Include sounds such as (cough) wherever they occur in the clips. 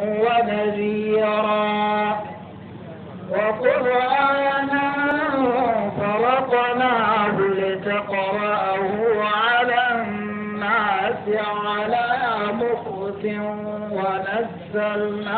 ونذيرا وقرآنا فرقناه لتقرأه على الناس على مخت ونزلنا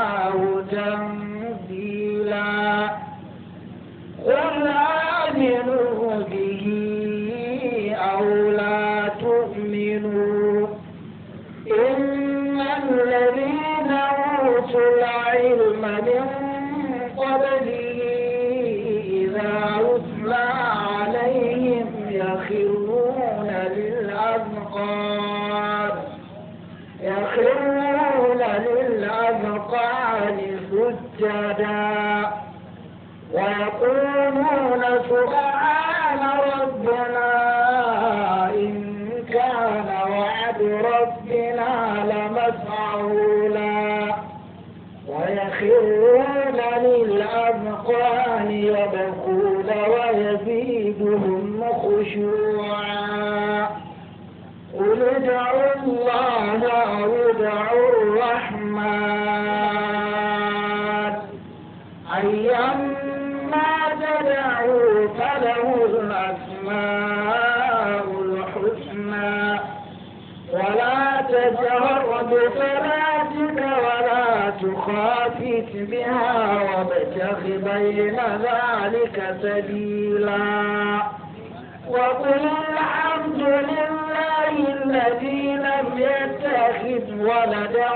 بين ذلك سبيلا وقل الحمد لله الذي لم يتخذ ولدا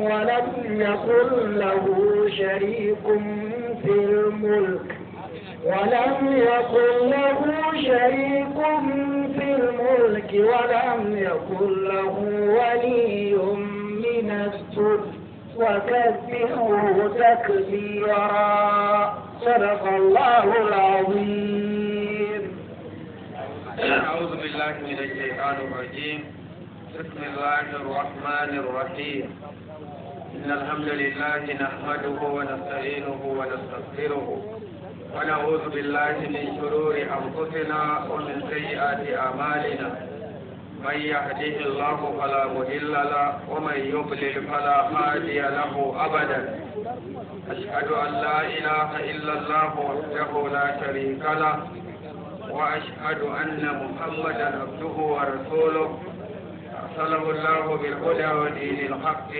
ولم يكن له شريك في الملك ولم يكن له شريك في الملك ولم يكن له ولي وكذبوه تكبيرا صدق الله العظيم أعوذ بالله من الشيطان الرجيم بسم الله الرحمن الرحيم إن الحمد لله نحمده ونستعينه ونستغفره ونعوذ بالله من شرور أنفسنا ومن سيئات أعمالنا من يهده الله فلا مضل له ومن يضلل فلا هادي له أبدا أشهد أن لا إله إلا الله وحده لا شريك له وأشهد أن محمدا عبده ورسوله أرسله الله بالهدى ودين الحق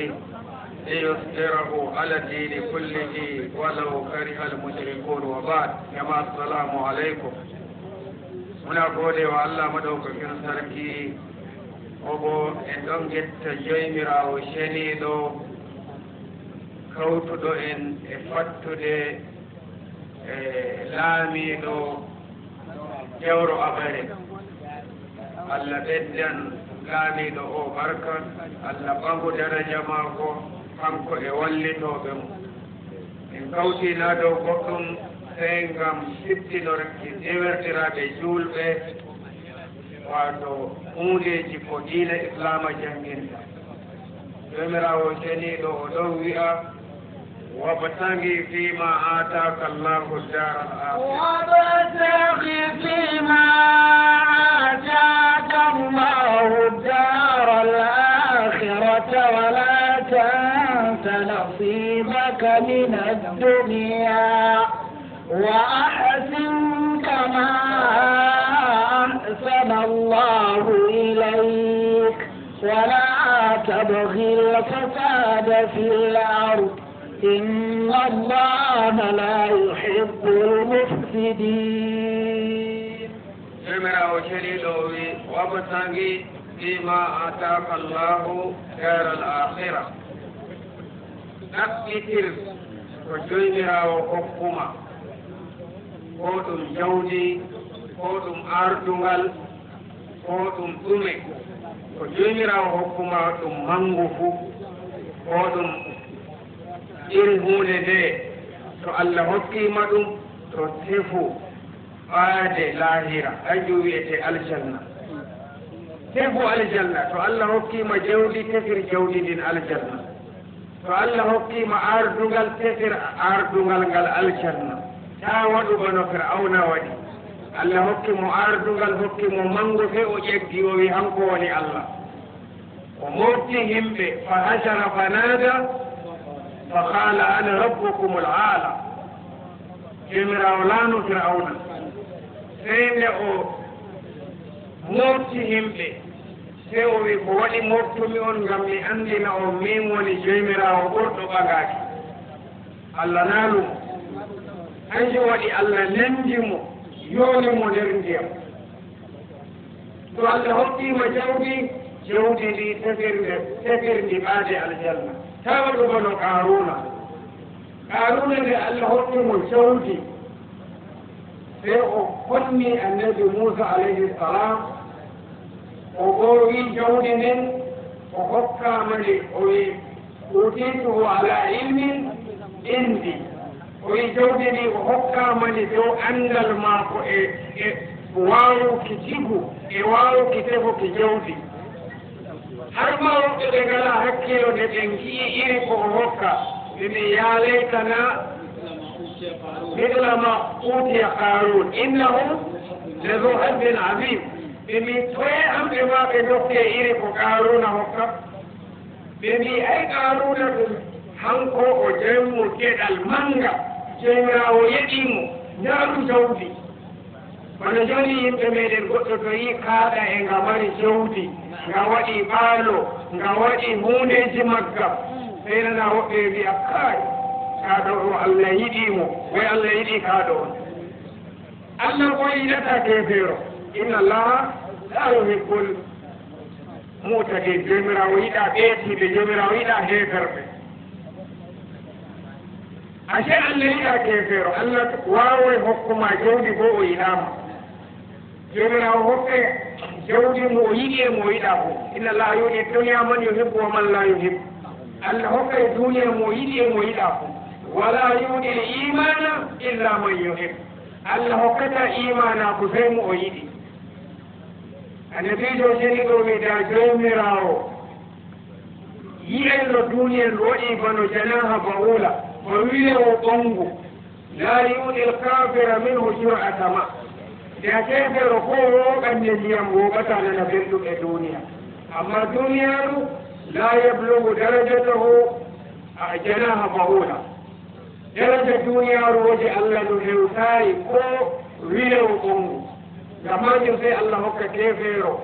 ليصدره على الدين كله ولو كره المشركون وبعد كما السلام عليكم muna gode wa Allah madaukakin sarki obo en ɗon getta joymirawo seniiɗo kawtuɗo en e fattude e laamiiɗo jewro abare allah ɓeddan laamiiɗo o barka allah ɓagu daraja maako kanko e wallitooɓe mum en kawtiinaa dow goɗɗum fe ngam siptinorki ndewertiraaɓe juulɓe wato ungeji ko diina islama janginta jomirawo ceniɗo wi'a فيما آتاك الله الدار الآخرة وابتغي فيما آتاك الله الدار الآخرة ولا نصيبك من الدنيا وأحسن كما الله إليك ولا تبغي الفساد في الأرض إن الله لا يحب المفسدين إمرا وشري لوي وابتغي فيما آتاك الله خير الآخرة نقل ترس وجيمرا وحكما قوتم جودي قوتم أردوغل Ko ɗum ɗume ko jomirawo hokkuma ɗum mangu fu o ɗum iri hunde nde to allah hokkima ɗum to tefu aade lahira hanjum wiyete aljanna tefu aljanna to allah hokkima jawdi tefir jawdi ndin aljanna to allah hokkima ardungal tefir ardungal ngal aljanna ta bano fir auna waɗi allah hokki mo ardugal hokki mo mango fe o ƴeggi o wi hanko woni allah o mofti himɓe fa hasara fa nada fa qala ana rabbukum l ala jomirawo laano firawna sey nde o mofti himɓe sey o wi ko waɗi moftumi on ngam mi anndina on min woni jomirawo ɓurɗo ɓagaaki allah naalumo hanjum waɗi allah nenndi mo يعلم الارجاع قال ربي وجودي جودي لي سفر سفر لبعد الجنة تابعوا بنو قارون قارون لألهم الجودي sai ukunni annabi musa alaihi salam ogowi jawdinin o hokkamani oyi utitu ala ilmin indi oyi jawdi ndi o hokkama ndi dow anndal maako e e waawuki sigu e waawuki tefuki jawdi har mawɓe ɓe ngala hakkilo nde ɓe ngiyi iri ko o hokka ɗumi yaaleytana mislama utiya qarun innahu le do haddin adim ɓe mbi toye am ɓe ma ɓe dokke iri ko qaruna hokka ɓe mbi ay qaruna ɗum hanko o jammu geɗal manga jenirawo yeɗimo ñaaru jawdi kono joni yimɓe meɗen goɗɗo to yi kaaɗa e nga mari jawdi nga waɗi ɓaalo nga waɗi hundeji magga ɓeynana woɓɓe mbiya kaay kaaɗo o allah yiɗimo way allah yiɗi kaaɗo on allah ko yiɗata kefeero inna allaha la yuhibbul mutadin jomirawo yiɗa ɓeetiɓe jomirawo yiɗa heferɓe ashe allah yiɗa kefeero allah waawoy hokkuma jawdi goo o yiɗaama jomirawo hokke jawdi mo o yiɗi e mo o yiɗa fof inna allah yuɗi duniya man yuhibbu wa man la yuhibbu allah hokka e duniya mo o yiɗi e mo yiɗa fof wala yuɗi e imana illa man yuhibbu allah hokkata imana ko sey mo o yiɗi annabijo jeni ɗo wiida jomirawo yi'en no duniya en waɗi bano janaha baula وميلي وطنبو لا يؤذي الكافر منه شرعة ما da ke da rukun kan ne biyan gobe tare na bin duk duniya amma duniya ru la ya bulugu darajatahu a janaha mahula darajar duniya ru waje Allah nu heutari ko wile ukungu gamajin sai Allah hokka kefero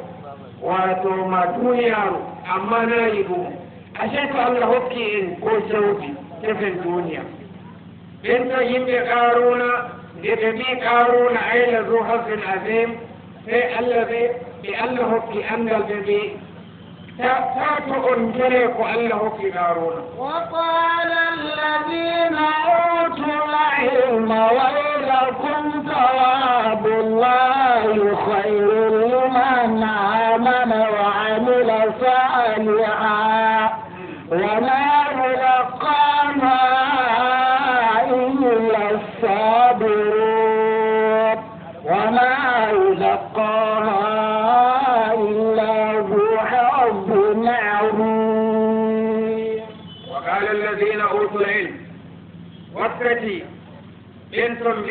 wato ma duniya ru amma na yi bu ashe ko Allah hokki in ko sauti tafin duniya in ta yi bi karuna da ta bi karuna ai la zu hasin azim sai Allah zai bi Allah fi annal bi وقال الذين أوتوا العلم ويلكم ثواب الله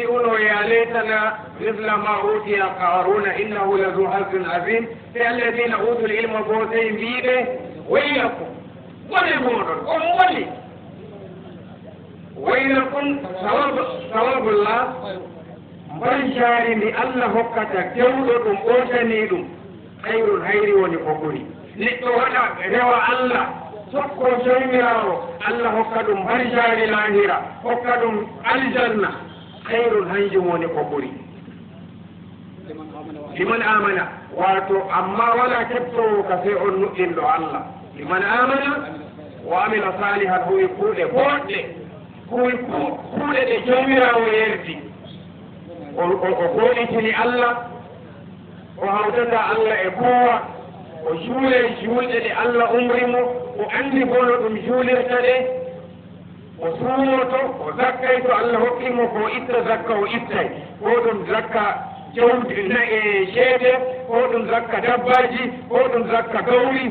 يقولوا يا ليتنا مثل ما أوتي قارون إنه لذو حظ عظيم الذين أوتوا العلم بوتين بيده ويلكم ولمورن أمولي ويلكم ثواب ثواب الله من شارني الله كتا جودكم أوتنيدم خير الخير ونقبري neɗɗo روى الله allah sokko jomirawo allah hokka ɗum har jaari lahira hokka ɗum aljanna khairul hanjin wani kokori liman amana wato amma wala kebto ka sai on nuɗɗin ɗo allah liman amana wa amila salihan huwi kuuɗe boɗɗe huwi kuuɗe ɗe jomirawo yerdi o goɗitini allah o hawtata allah e kowa o juule juulɗe ɗe allah umri mo o anndi bono ɗum juulirta ɗe o fuuroto o zakkay to allah hokkimo ko itta zakka o ittay ko ɗum zakka jawdi nae ceede ko ɗum zakka dabbaji ko ɗum zakka gawri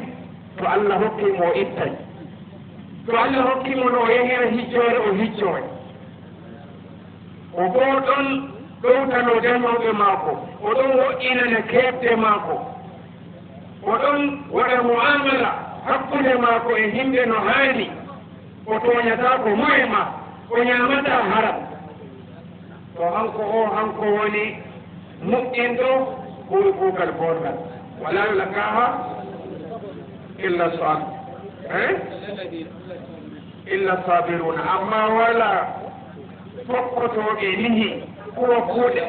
to allah hokkimo o ittay to allah hokkimo no o yehira hiccoore o hiccoy o boo ɗon ɗowtano demoɓe maako o ɗon woɗɗinana keeɓde maako o ɗon waɗa mu'amala hakkude maako e himɓe no haani otoonyataako mwema onyaamata haram to hanko o hanko woni muƴƴinɗo ɓuri kuugal goongal wala lakaha illa sal illa sabiruna amma wala tokkotoɓe nihi kuwa kuuɗe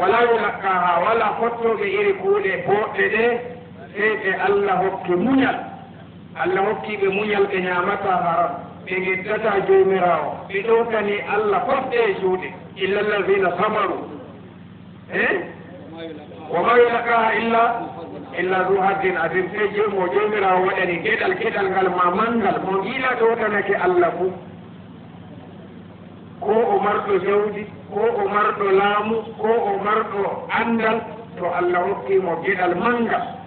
wala lakaha wala fottoɓe iri kuuɗe boɗɗe ɗe sey ɓe allah hokki muñal allah hokkiɓe muñal ɓe ñamata haram ɓe geddata jomirawo ɓe ɗowtani allah fofde e juuɗe illa allazina sabaru e woma yulakaha illa illa du haddin adim se jomo jomirawo waɗani geɗal geɗal ngal ma manngal mo giila ɗowtanake allah fuu ko o marɗo jawdi ko o marɗo laamu ko o marɗo anndal to allah hokkimo geɗal manngal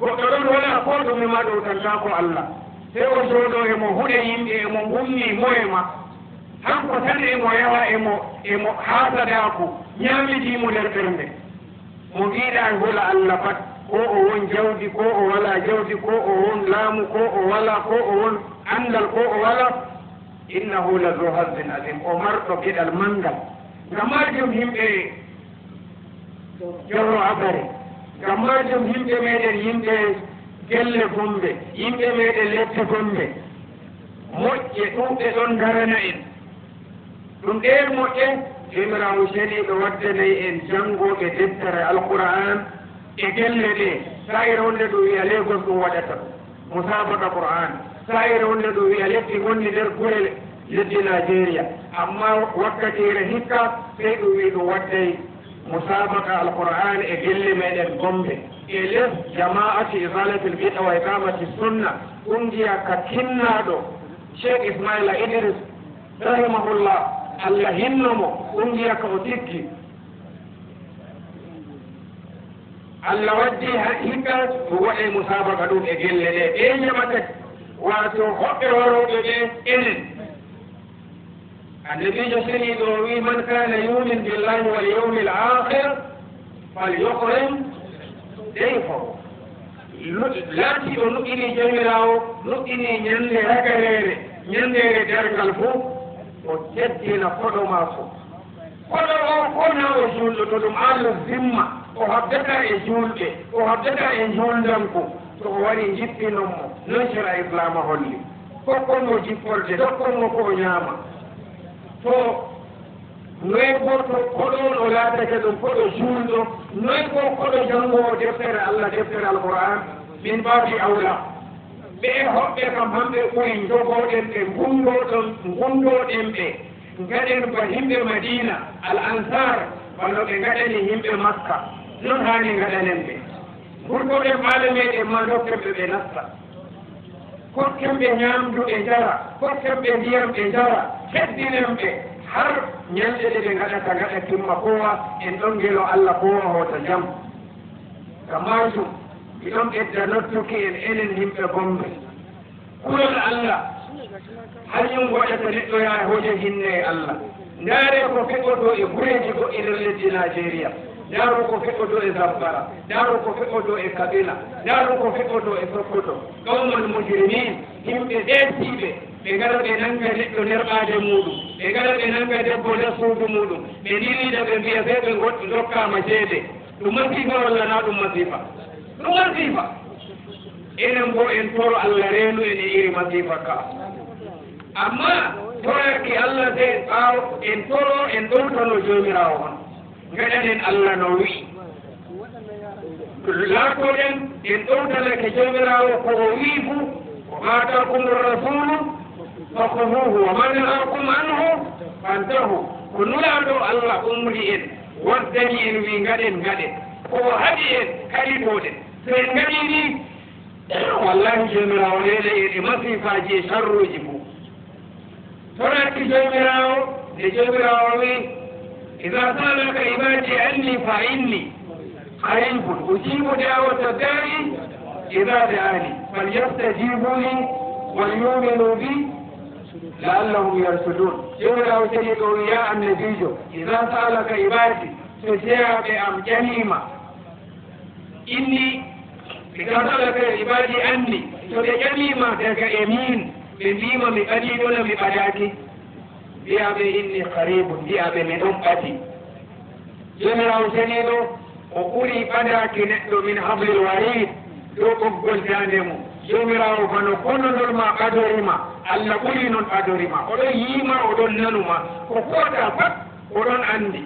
goɗɗo ɗon wona ko ɗumi e ma ɗow tantako allah sey o soodo emo huɗe yimɓe emo bummi moye ma hanko tan emo yawa emo emo haasadako ñamidimo nder ɓernde mo mbiɗa e hula allah pat ko o won jawdi ko o wala jawdi ko o won laamu ko o wala ko o won andal ko o wala innahu la zo hasbin adim o marɗo geɗal mangal ngam majum himɓe jorro abare ngam majum himɓe meɗen yimɓe gelle gombe yimɓe meɗen lette gombe moƴƴe ɗuɓɓe ɗon darana en ɗum ɗe moƴƴe jomirawo seniɗo waddanayi en janngoɓe deftere alqur'an e gelle ɗe sa'ira wonde ɗum wiya legos ɗum waɗata musabaka qur'an sa'ira wonde ɗum wiya letti gonɗi nder gure leddi nigeria amma wakkatire hikka sey ɗum wi ɗum waddayi مسابقة القرآن إجل من الجملة إليه جماعة إزالة البيت وإقامة السنة كنجيا كتنادو شيخ إسماعيل إدريس رحمه الله الله ينمو كنجيا كوتيكي Allah waddi هكا هو waɗe musabaqa إجل e gelle ɗe ɗe ñamata wato hoɓɓe عن النبي جسري دعوي من كان يؤمن بالله واليوم الآخر فليقرم ديفه لاتي ونقني جميلاو نقني نيني ركاليري نيني ديرك الفو وجدينا قدو ماسو قدو وقنا وجولو تدوم على الزمة وحبتا اجولك وحبتا اجول دمكو تقواني جبتي نمو نشرا إبلا مهولي تقوم وجيب فرجة تقوم وقو نعمة no noygon ko no o laatake no koɗo juulɗo noygon koɗo janngoo no allah deftere alquran min aula awla kam mundo no hay ba Medina, al ansar no Masca, no hay makka non haani no hay fokkemɓe ñaamdu e jara fokkemɓe ndiyam e jara heddinenɓe har ñalɗe ɗe ɓe gaɗata gaɗa timma fowa en ɗon ngelo allah fowa hoota jam ka majum iɗon ɓedda nottuki en enen yimɓe gomɓe kulol allah hayum waɗata neɗɗo yaa hoja hinne e allah ndaare ko feɓoto e gureji goɗɗi nder leddi nigéria ndaaro ko feqodo e zambara ndaaro ko feqodo e kabila ndaaro ko feqodo e fokkoto ɗomon mujrimin yimɓe ɓeetiiɓe ɓe ngara ɓe nannga neɗɗo nder ɓaade muɗum ɓe ngara ɓe nannga debbo nder suudu muɗum ɓe ndiriida ɓe mbiya fe ɓe goɗ dokkaama ceede ɗum masifa walla naa ɗum masifa ɗum masifa enen boo en toro allah reenu en e iri masifa ka amma toraki allah se ɓaaw en toro en ɗowtano joomiraawo hon gaɗaɗen allah no wi laakoɗen en ɗowdalake jomirawo ko o wii fu matakum rasulu fakohuhu wa manahakum anhu fantahu ko nuya ɗo allah umri en waddani en wi gaɗen gaɗen ko o haɗi en kaɗigoɗen so en gaɗi ni (coughs) wallahi jomirawo leele en e masifaji e charruji fu sorakki jomirawo e nde jomirawo wi إذا سألك عبادي عني فإني قريب أجيب دعوة الداعي إذا دعاني فليستجيبوا لي وليؤمنوا بي لعلهم يرشدون يقول له سيد يا النبي إذا سألك عبادي فسيع بأم جنيمة إني إذا سألك عبادي عني فلجنيمة ذاك يمين من ليمة من أدين ولا من أداتي biya be inni qaribun biya be min ummati jomirawo seniɗo o ɓuri ɓadaki neɗɗo min hablil warid ɗo ɓoggol dande mum jomirawo bano konnodol ma ɓadorima allah ɓuri noon ɓadorima oɗon yiima oɗon nanuma ko koota pat oɗon andi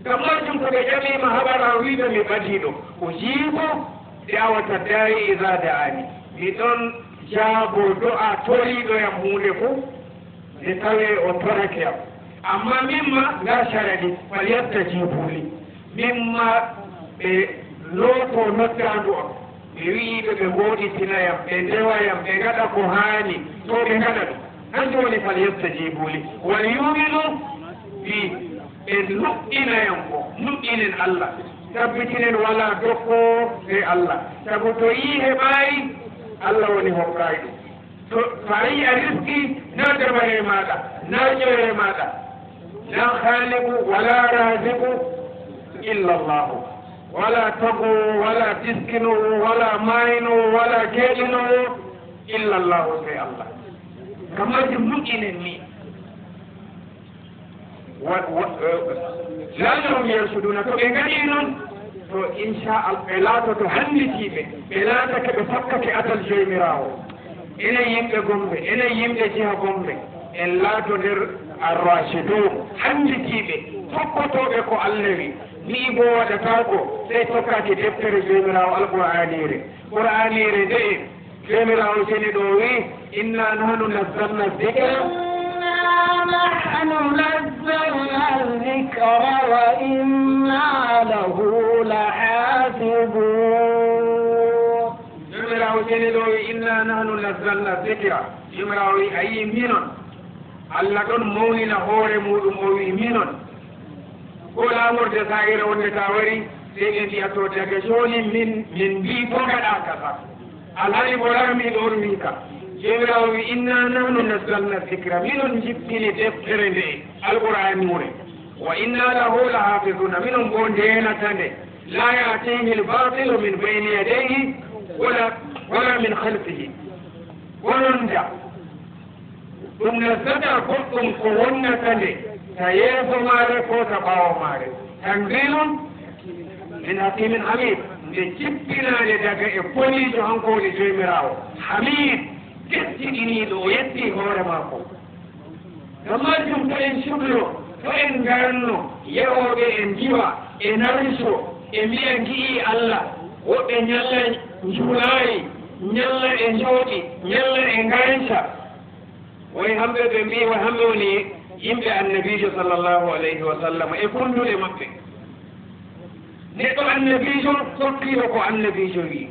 ngam majum koɓe ƴamima haɓara wiɓe mi ɓadiɗo o jiibo dawata dari ida daani miɗon jaabo do'a toriɗoyam hunde fof لطلع وترك أما مما لا شرد فليستجيبوا لي مما loko nottandua ɓe wii ɓe be ngoodi tina yam Be ndewa yam Be gaɗa ko hani. to be gaɗa ɗum hanjum woni fal yestajibuli wal yuminu bi E nuɗɗina yam ko nuɗɗinen allah tabbitinen wala dokko e allah sabu to yii heɓaayi allah woni hoɓɓaayi ɗum to fayi a riski na dabare mata na nyore mata la khaliqu wala raziqu illa allah wala taqu wala tiskinu wala mainu wala kelinu illa allah sai allah kamar jin mukinin ne lanarun yarsuduna to ɓe gani noon to inchallah ɓe laatoto hannitiɓe ɓe laatake ɓe fakkake atal jomirawo ina yimɓe gomɓe ina yimɓe jiha gomɓe en laato nder arrachidun handikiiɓe tokkotooɓe ko allah wi ni bo waɗataa ko sey tokkaaki deftere joomiraawo alqur'aniire qur'aniire nde en joomiraawo seni ɗo wii inna nahnu nazzalna dicra نحن نزلنا الذكر وإنا له لحافظون keneloowi inna nahnu nazzalna zikra jumra o wi a yii minon allah ɗon mawnina hoore muɗum o wi minon ko laamorde sagira wonde ta wari sey ɓe mbiya to daga jooni min min mbi ko gaɗa kasa alhaali bo rami ɗon wi ka jomirawo wi inna nahnu nazzalna zicra minon jippini deftere nde alqouranure wa inna lahu la hafiduna minon bo ndenata nde la yatihi lbatilu min bayni yadayhi wala wala min khalfihi wanda tunasata ko tun ko wonna kande ta yeso mare ko ta bawo mare tanzilun min hakimin hamid nde cippinaade daga e poliijo hankooni joomiraawo hamid gettiɗiniiɗo o yetti hoore maako no majjum to en suklo to en ngarno yewooɓe en njiwa e nariso e mbiya ngi'ii allah woɓɓe ñalla juulaayi ñalla e jooɗi ñalla e ngaañca woy hamɓe ɓe mbi woy hamɓe woni yimɓe annabijo sallllahu alayhi wa sallam e kundude maɓɓe neɗɗo annabijo kokkiho ko annabijo wi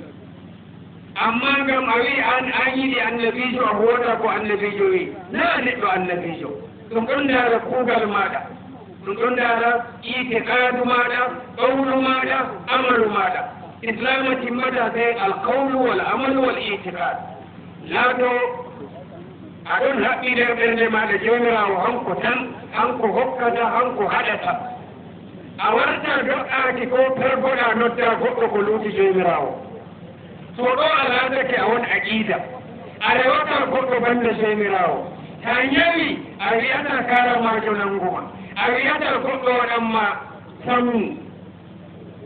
amma ngam a wii an an yiɗi annabijo a hooda ko annabijo wi naa neɗɗo annabijo ɗum ɗon ndaara kuugal maaɗa ɗum ɗon ndaara iite ɓaadu maaɗa ɓawlu maaɗa amalu maaɗa إسلامة مدى القول والعمل والاعتقاد لا تو aɗon haɓɓiɗe ɓernde maɗa jomirawo hanko tan hanko hokkata hanko haɗata a warta doɗɗaki ko pergoɗa nodda goɗɗo ko luuti jomirawo to ɗo a laatake a won aqida a rewata goɗɗo banda jomirawo ta yawi a wiyata karamajo nanguma a wiyata goɗɗo waɗanma sammi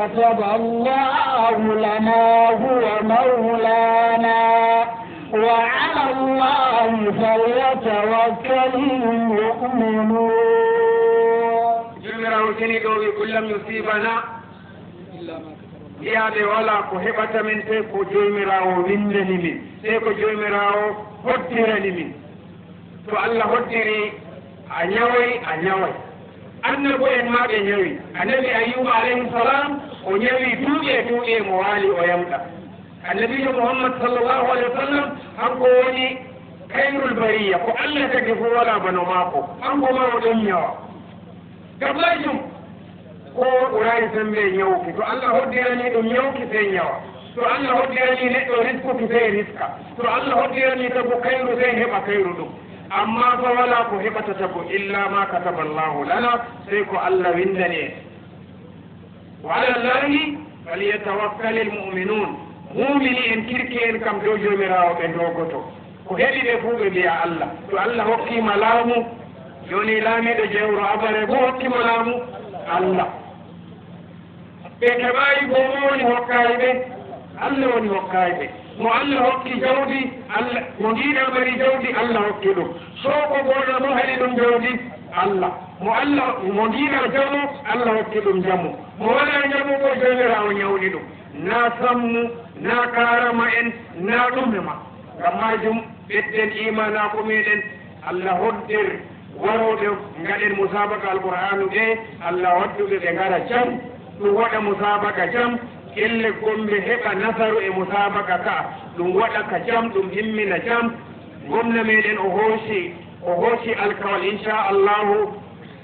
كتب الله لنا هو مولانا وعلى الله فليتوكل المؤمنون جمرة وكنيدو كل يصيبنا iyaade wala ko heɓata min te ko jomirawo windani min te ko jomirawo hoddirani min to allah hoddiri a ñawoy a ñawoy annabo en maɓe ñawi annabi ayuba alayhi salam onyewi duuɓe duuɓe mo waali o yamɗa annabijo mouhammad sallllahu alih wa sallam hanko woni kayrul bariya ko allah tagi fo wala bano maako hanko ma o ɗon ñawa gam majum ko ɓurani sembe ñawki to allah hoddirani ɗum ñawki sey ñawa to allah hoddirani neɗɗo riskuki sey riska to allah hoddirani tagu kayru sey heɓa kayru ɗum amma fa wala ko heɓata tagu illa ma kataba llahu lana sey ko allah windani en وعلى الله فليتوكل المؤمنون mumini en kirki en kam dow jomirawo ɓe dogoto ko heɗi ɓe fuu ɓe mbiya allah to allah hokkima laamu joni laamiɗo jewro abare bo hokkima laamu allah ɓe keɓayi bo mo woni hokkayi ɓe allah woni hokkayi ɓe mo allah hokki jawdi allah mo ndiɗa mari jawdi allah hokki mo allah mo ndiɗal jamo allah hokke ɗum jamo mo wala jamo ko jomirawo ñawni ɗum na sammu na karama en na ɗumema ngam majum ɓetten imanako meɗen allah hoddir waroɓe gaɗen musabaka alqur'anu ɓe allah hodduɓe ɓe gara jam ɗum waɗa musabaka jam kelle gombe heɓa nasaru e musabaka ka ɗum waɗa ka jam ɗum himmina jam gomna meɗen o hoosi o hoosi alkawal inchallahu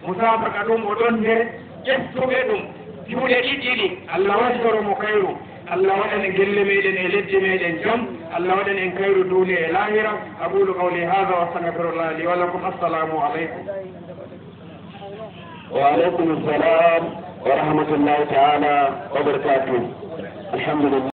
musabaqa ɗum oɗon nder ƴettuɓe ɗum juuɗe ɗiɗiɗi allah wasoro mo kayru allah waɗan e gelle meɗen e leddi meɗen joom allah waɗan en kayru duuniya e lahira aqulu qawli hada wa astahfirullah li walakum assalamu aleykum وعليكم السلام ورحمة الله تعالى وبركاته الحمد لله